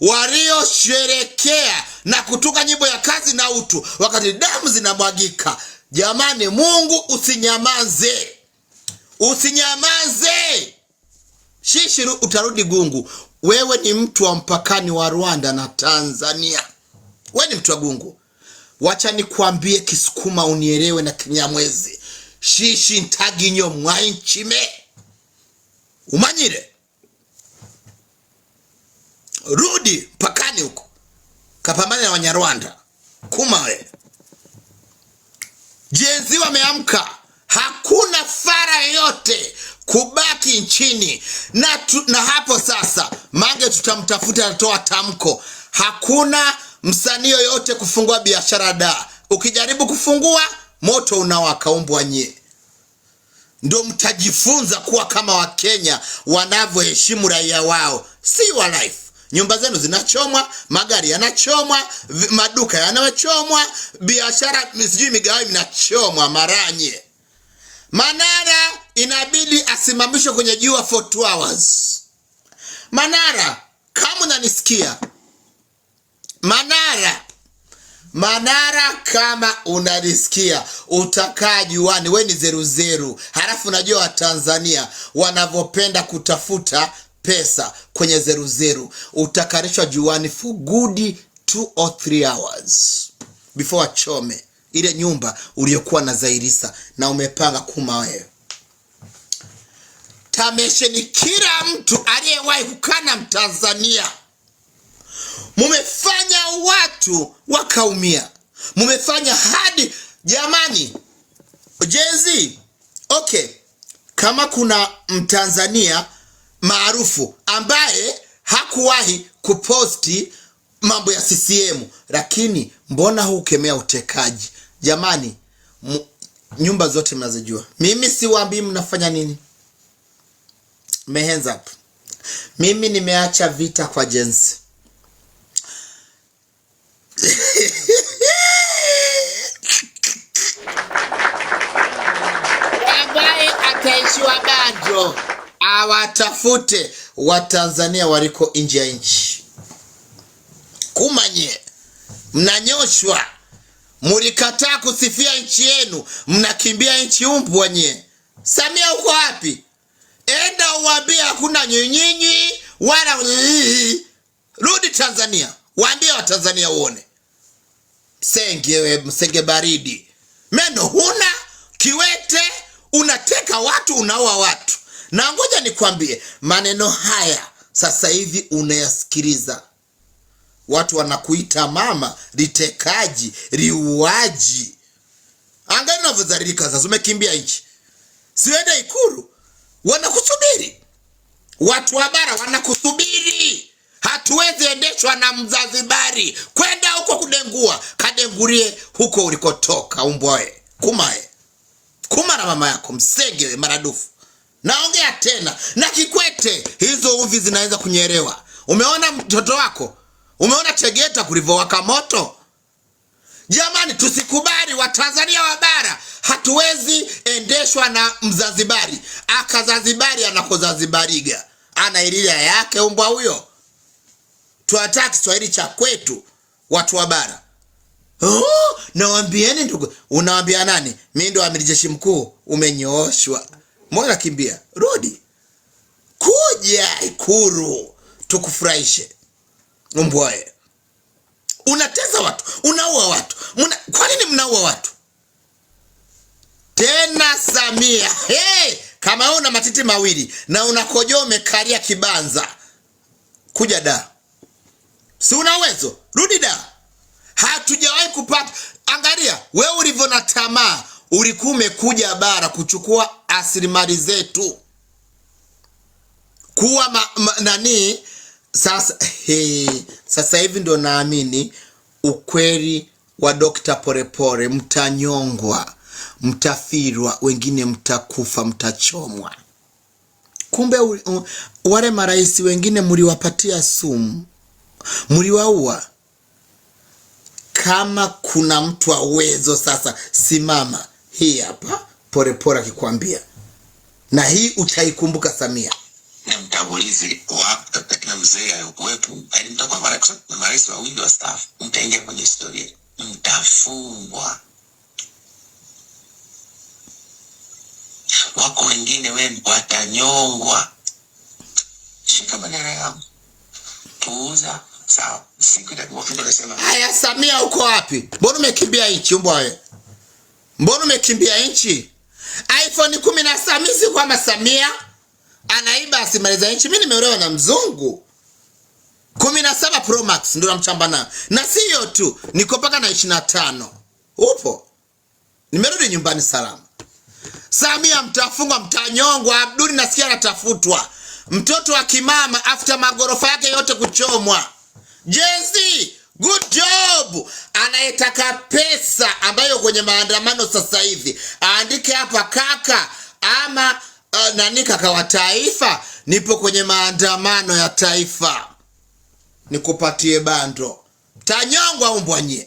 waliosherekea na kutuka nyimbo ya kazi na utu wakati damu zinamwagika. Jamani, Mungu usinyamaze, usinyamaze. Shishiru utarudi gungu. Wewe ni mtu wa mpakani wa Rwanda na Tanzania, wewe ni mtu wa gungu. Wacha nikwambie Kisukuma unielewe na Kinyamwezi, shishi ntaginyo mwainchime umanyire rudi mpakani huko kapambana na Wanyarwanda. we jenzi wameamka, hakuna fara yote kubaki nchini na, tu, na hapo sasa Mange tutamtafuta, atatoa tamko. Hakuna msanii yoyote kufungua biashara da, ukijaribu kufungua moto unawaka. Umbwa nyie, ndo mtajifunza kuwa kama Wakenya wanavyoheshimu raia wao. si wa life nyumba zenu zinachomwa, magari yanachomwa, maduka yanachomwa, biashara sijui migawa inachomwa maranye. Manara inabidi asimamishwe kwenye jua for 2 hours. Manara, kama unanisikia Manara, Manara kama unanisikia, utakaa juani, we ni zeruzeru. Halafu unajua Watanzania wanavyopenda kutafuta pesa kwenye zeruzeru, utakarishwa juani for good two or three hours before achome ile nyumba uliyokuwa na zairisa na umepanga kuma wewe. Tamesheni kila mtu aliyewahi kukana Mtanzania. Mumefanya watu wakaumia, mumefanya hadi jamani jezi. Okay, kama kuna Mtanzania maarufu ambaye hakuwahi kuposti mambo ya CCM, lakini mbona hukemea utekaji? Jamani, nyumba zote mnazijua, mimi siwaambii mnafanya nini. Hands up. Mimi nimeacha vita kwa jensi ambaye ataishiwa banjo awatafute watanzania waliko nje ya nchi kumanye mnanyoshwa mulikataa kusifia nchi yenu mnakimbia nchi umbwa nye samia uko wapi enda uwambie hakuna nyinyinyi wala rudi tanzania waambie watanzania uone msenge msenge baridi meno huna kiwete unateka watu unaua watu na ngoja nikwambie maneno haya sasa hivi unayasikiliza, watu wanakuita mama, litekaji, liuaji. Angalia unavyodhalilika sasa, umekimbia nchi, siende Ikulu, wanakusubiri watu wa bara, wanakusubiri. Hatuwezi endeshwa na Mzanzibari kwenda huko kudengua. Kadengurie huko ulikotoka, umbwae kumae kumara mama yako msengewe maradufu. Naongea tena na Kikwete, hizo uvi zinaweza kunyerewa. Umeona mtoto wako, umeona Tegeta kulivyowaka moto. Jamani, tusikubali. Watanzania wa bara hatuwezi endeshwa na Mzazibari akazazibari anakozazibariga ana ilia yake umbwa huyo. Tuataki Kiswahili cha kwetu, watu wa bara. Oh, nawambieni ndugu, unawambia nani? Mi ndo amiri jeshi mkuu, umenyooshwa. Moyo nakimbia, rudi kuja Ikuru tukufurahishe. Mbwaye, unateza watu, unaua watu muna, kwa nini mnaua watu tena? Samia hey, kama wewe una matiti mawili na unakojoa umekalia kibanza, kuja da, si una uwezo, rudi da. Hatujawahi kupata, angalia wewe ulivyo na tamaa ulikuwa umekuja bara kuchukua asilimali zetu kuwa ma, ma, nani sasa. he, sasa hivi ndo naamini ukweli wa Dokta Polepole, mtanyongwa, mtafirwa, wengine mtakufa, mtachomwa. Kumbe u, wale marais wengine mliwapatia sumu, mliwaua. Kama kuna mtu wa uwezo sasa, simama hii hapa Polepole akikwambia, na hii utaikumbuka Samia na mtangulizi wa katika mzee wetu alimtakuwa marais wawili staff, mtaingia kwenye historia, mtafungwa. Wako wengine we watanyongwa. Shika bendera yangu, puuza sawa. Siku itakapofika nasema haya, Samia uko wapi? Mbona umekimbia hichi nchi wewe? Mbona umekimbia nchi? iPhone 17 mimi si kwamba Samia anaiba asimaliza nchi. Mimi nimeolewa na mzungu 17 Pro Max ndio namchamba nayo, na siyo tu niko paka na 25. Upo, nimerudi nyumbani salama. Samia mtafungwa, mtanyongwa. Abduli nasikia anatafutwa mtoto wa kimama after magorofa yake yote kuchomwa. Jezi Good job. Anayetaka pesa ambayo kwenye maandamano sasa hivi aandike hapa kaka ama uh, nani kaka wa taifa, nipo kwenye maandamano ya taifa, nikupatie bando. Tanyongwa umbwanye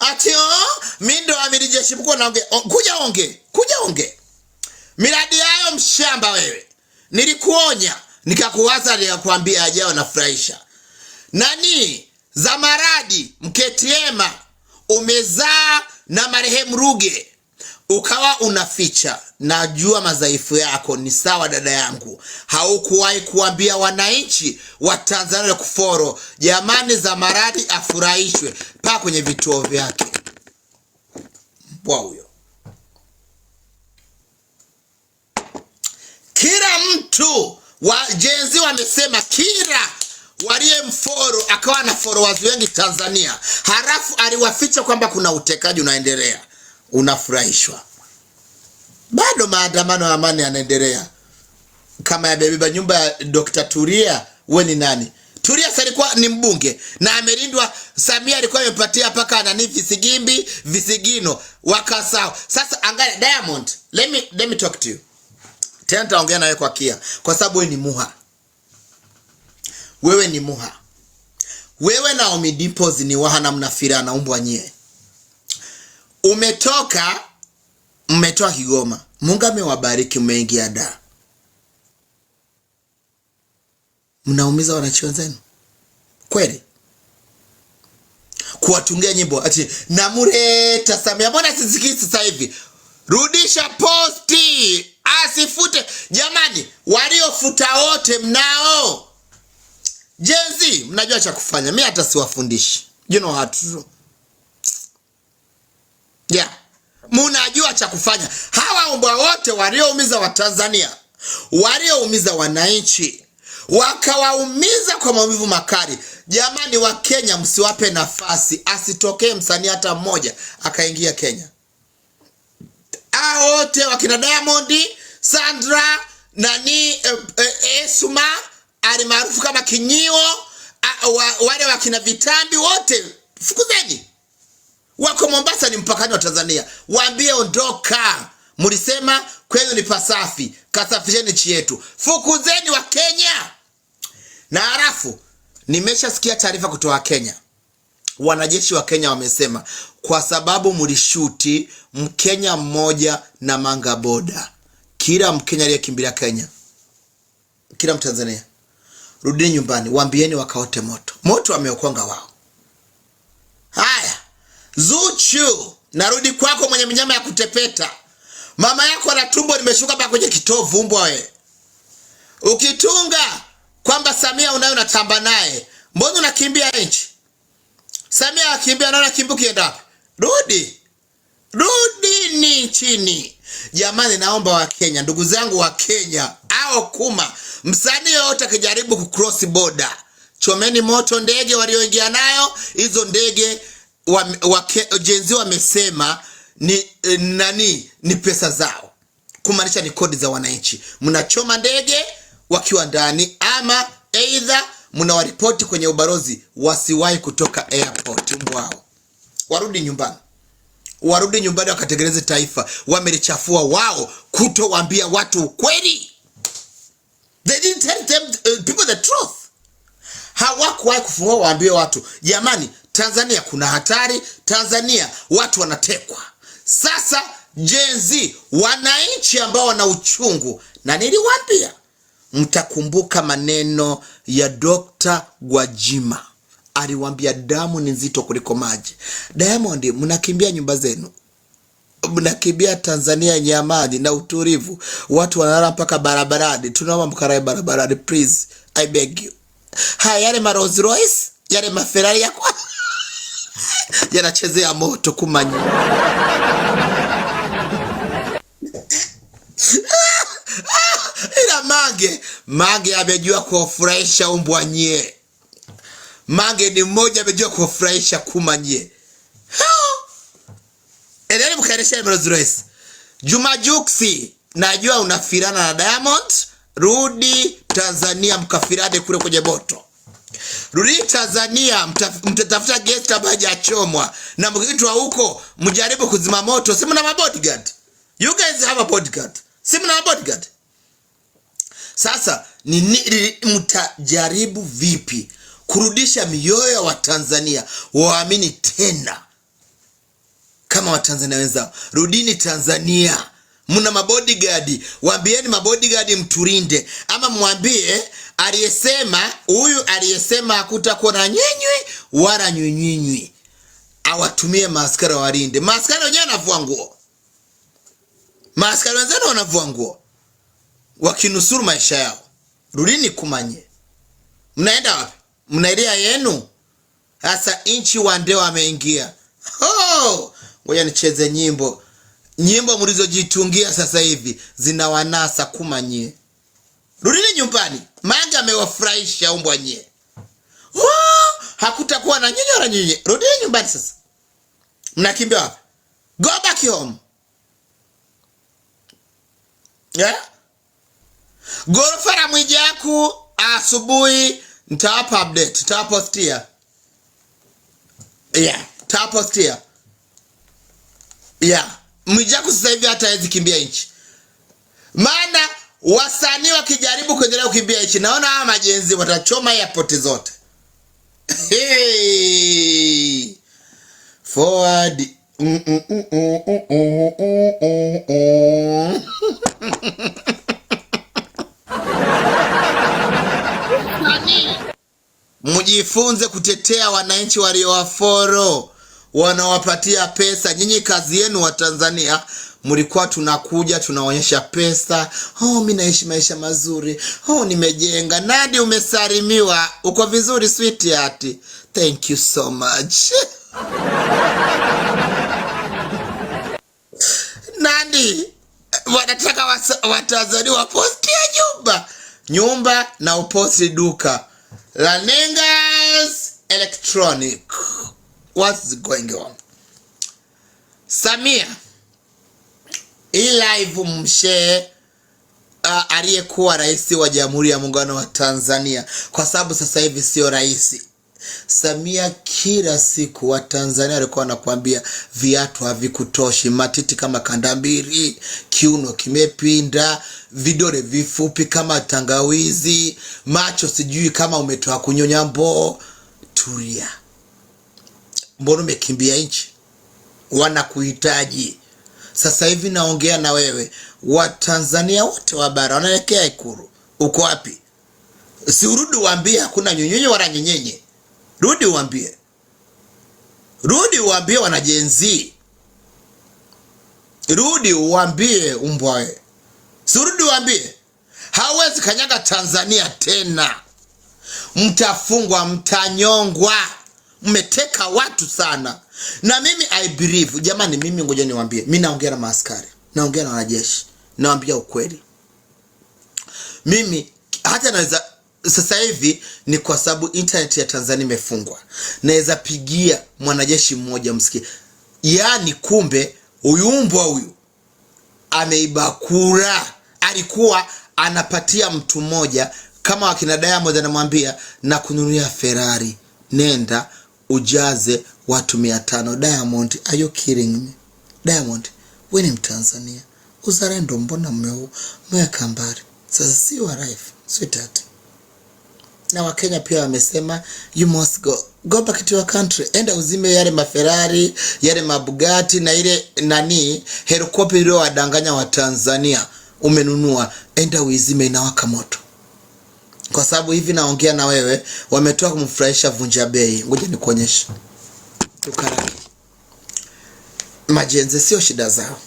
ati oh, mi ndo amiri jeshi mkuu naonge, oh, kuja onge, kuja onge miradi yayo mshamba wewe. Nilikuonya nikakuwaza, nikakwambia ajao nafurahisha nani za maradi Mketiema umezaa na marehemu Ruge ukawa unaficha. Najua madhaifu yako ni sawa, dada yangu, haukuwahi kuambia wananchi wa Tanzania kuforo. Jamani, za maradi afurahishwe pa kwenye vituo vyake. Mbwa huyo, kila mtu wajenzi wamesema kila waliye mforo akawa na followers wengi Tanzania, halafu aliwaficha kwamba kuna utekaji unaendelea. Unafurahishwa? Bado maandamano ya amani yanaendelea kama ya yamebeba nyumba ya Dr. Turia. We ni nani? Turia alikuwa ni mbunge na amelindwa. Samia alikuwa amepatia paka nani visigimbi visigino wakasao. Sasa angalia Diamond, let me let me talk to you tena, taongea nawe kwa kia, kwa sababu wewe ni muha wewe ni Muha, wewe na Omidipoz ni wahana, mnafira na umbwa nyie. Umetoka mmetoa Kigoma, Mungu amewabariki, mmeingia da, mnaumiza wananchi wenzenu kweli kuwatungia nyimbo ati namureta Samia, mbona sisikii sasa hivi? Rudisha posti asifute. Jamani, waliofuta wote mnao Gen Z mnajua cha kufanya, mimi hata siwafundishi. You know how to do. Yeah. Mnajua cha kufanya. Hawa mbwa wote walioumiza Watanzania, walioumiza wananchi, wakawaumiza kwa maumivu makali. Jamani wa Kenya, msiwape nafasi, asitokee msanii hata mmoja akaingia Kenya. Hao wote wakina Diamond, Sandra, nani, eh, eh, Esma maarufu kama Kinyio, wale wakina Vitambi wote fukuzeni, wako Mombasa, ni mpakani wa Tanzania. Waambie ondoka, mlisema kwenu ni pasafi, kasafisheni nchi yetu, fukuzeni wa Kenya. Na halafu nimeshasikia taarifa kutoka Kenya, wanajeshi wa Kenya wamesema kwa sababu mlishuti Mkenya mmoja na manga boda, kila Mkenya aliyekimbilia Kenya, kila Mtanzania rudini nyumbani, waambieni wakaote moto. Moto ameokonga wao. Haya, Zuchu, narudi kwako, mwenye minyama ya kutepeta. Mama yako ana tumbo limeshuka mpaka kwenye kitovu, mbwa we. Ukitunga kwamba Samia unayo natamba naye, mbona unakimbia nchi? Samia akimbia naona kimbuki, enda wapi? Rudi, rudini nchini. Jamani, naomba Wakenya, ndugu zangu Wakenya au kuma, msanii yoyote akijaribu kucross border, chomeni moto ndege walioingia nayo hizo ndege. Wajenzi wa, wamesema ni eh, nani? Ni pesa zao, kumaanisha ni kodi za wananchi. Mnachoma ndege wakiwa ndani, ama aidha mnawaripoti kwenye ubalozi, wasiwahi kutoka airport. Wao warudi nyumbani warudi nyumbani wakatengeneze taifa. Wamelichafua wao kutowaambia watu ukweli. They didn't tell them, uh, people the truth. Hawakuwahi kufungua waambie watu jamani, Tanzania kuna hatari, Tanzania watu wanatekwa. Sasa jenzi wananchi ambao wana uchungu, na niliwaambia mtakumbuka maneno ya Dr. Gwajima aliwambia damu ni nzito kuliko maji. Diamond, mnakimbia nyumba zenu, mnakimbia Tanzania yenye amani na utulivu, watu wanalala mpaka barabarani. Tunaomba mkarae barabarani please, I beg you. Haya, yale ma Rolls Royce yale ma Ferrari yako yanachezea moto kumanya ila Mange Mange amejua kuwafurahisha umbwa nyie. Mange ni mmoja amejua kufurahisha kuma kumanyie. Eleni mkaendesha Rolls Royce. Juma Juksi, najua unafirana na Diamond, rudi Tanzania mkafirade kule kwenye boto. Rudi Tanzania mtatafuta guest ambaye achomwa. na mkitwa huko mjaribu kuzima moto. Si na bodyguard. You guys have a bodyguard. Si na bodyguard. Sasa ni, ni mtajaribu vipi kurudisha mioyo ya Watanzania waamini tena kama Watanzania wenzao. Rudini Tanzania, mna mabodigadi, waambieni mabodigadi mturinde, ama mwambie aliyesema huyu aliyesema hakutakuwa na nyenywi wala nywinywinywi, awatumie maaskari walinde. Maaskari wenyewe wanavua nguo, maaskari wenzao wanavua nguo wakinusuru maisha yao. Rudini Kumanye, mnaenda wapi? mnaelea yenu hasa inchi wande ameingia Oh, ngoja nicheze nyimbo. Nyimbo mlizojitungia sasa hivi zinawanasa kuma nyie. Rudini nyumbani, mange amewafurahisha umbwa nyie. hakutakuwa na nyinyi wala nyinyi. Rudini nyumbani sasa, mnakimbia wapi? Go back home. Yeah? gorofa la mwijaku asubuhi Nitawapa update, nitawapostia. Yeah, nitawapostia. Yeah, Mwijaku sasa hivi hata hawezi kimbia nchi. Maana wasanii wakijaribu kuendelea kukimbia nchi, naona hawa majenzi watachoma yapoti zote. Hey! Forward. Mm -mm -mm -mm -mm -mm -mm. mm, mm. Mjifunze kutetea wananchi waliowaforo wanawapatia pesa. Nyinyi kazi yenu wa Tanzania mlikuwa tunakuja tunaonyesha pesa, oh, mi naishi maisha mazuri, oh, nimejenga. Nadi umesalimiwa, uko vizuri sweetheart, thank you so much Nadi wanataka Watanzania wapostia nyumba nyumba na uposi duka la Nengas Electronic. What's going on? Samia, hii live mshee uh, ah, aliyekuwa rais wa Jamhuri ya Muungano wa Tanzania, kwa sababu sasa hivi sio rais. Samia kila siku Watanzania walikuwa anakuambia viatu havikutoshi, matiti kama kanda mbili, kiuno kimepinda, vidole vifupi kama tangawizi, macho sijui kama umetoa kunyonya mboo. Tulia, mbona umekimbia nchi? Wanakuhitaji. Sasa hivi naongea na wewe, Watanzania wote wa bara wanaelekea Ikulu. Uko wapi? Si urudi waambie hakuna nyunyenye wala nyenyenye Rudi uambie, rudi uambie wanajenzi, rudi uambie umbwae sirudi rudi uambie hawezi kanyaga Tanzania tena, mtafungwa, mtanyongwa, mmeteka watu sana. Na mimi I believe jamani, mimi ngoja niwambie mi naongea na maaskari, naongea na wanajeshi, nawambia ukweli, mimi hata naweza sasa hivi ni kwa sababu internet ya Tanzania imefungwa, naweza pigia mwanajeshi mmoja msikie. Yaani kumbe huyu mbwa huyu ameiba kura, alikuwa anapatia mtu mmoja kama akina Diamond anamwambia na kununulia Ferrari, nenda ujaze watu mia tano. Diamond, are you kidding me? Diamond, we ni Mtanzania, uzalendo mbona mmeweka mbali? Sasa si wa life sweetheart na Wakenya pia wamesema you must go go back to your country, enda uzime yale maferari yale mabugati na ile nani helikopta ile wadanganya wa Tanzania umenunua, enda uizime, inawaka moto. Kwa sababu hivi naongea na wewe, wametoa kumfurahisha vunja bei. Ngoja nikuonyeshe, tukaraki majenzi sio shida zao.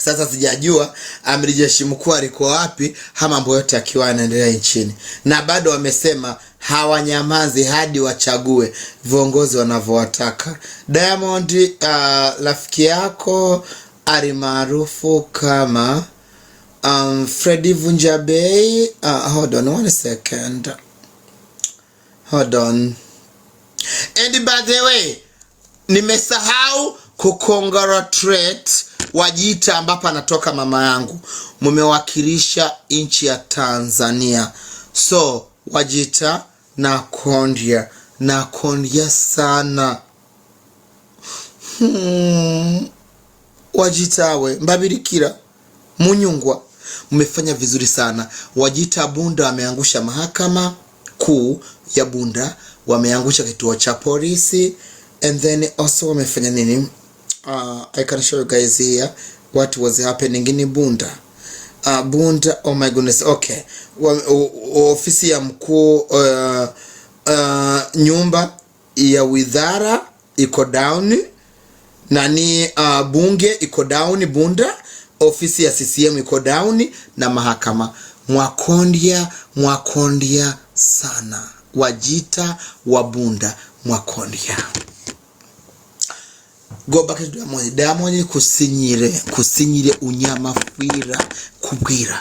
Sasa sijajua amri jeshi mkuu alikuwa wapi, ha mambo yote akiwa anaendelea nchini, na bado wamesema hawanyamazi hadi wachague viongozi wanavyowataka. Diamond ah, rafiki yako ali maarufu kama um, Freddy Vunjabei uh, hold on one second. Hold on. And by the way, nimesahau kucongratulate Wajita ambapo anatoka mama yangu, mmewakilisha nchi ya Tanzania. So Wajita, nakondia nakondia sana hmm. we mbabirikira munyungwa, mmefanya vizuri sana Wajita. Bunda wameangusha mahakama kuu ya Bunda, wameangusha kituo cha polisi and then also wamefanya nini uh, I can show you guys here what was happening in Bunda. Uh, Bunda, oh my goodness, okay. Ofisi ya mkuu uh, uh, nyumba ya widhara iko down, nani uh, bunge iko down Bunda, ofisi ya CCM iko down na mahakama. Mwakondia, mwakondia sana, wajita wa Bunda, mwakondia go back to Diamond Diamond kusinyire kusinyire fwira kubwira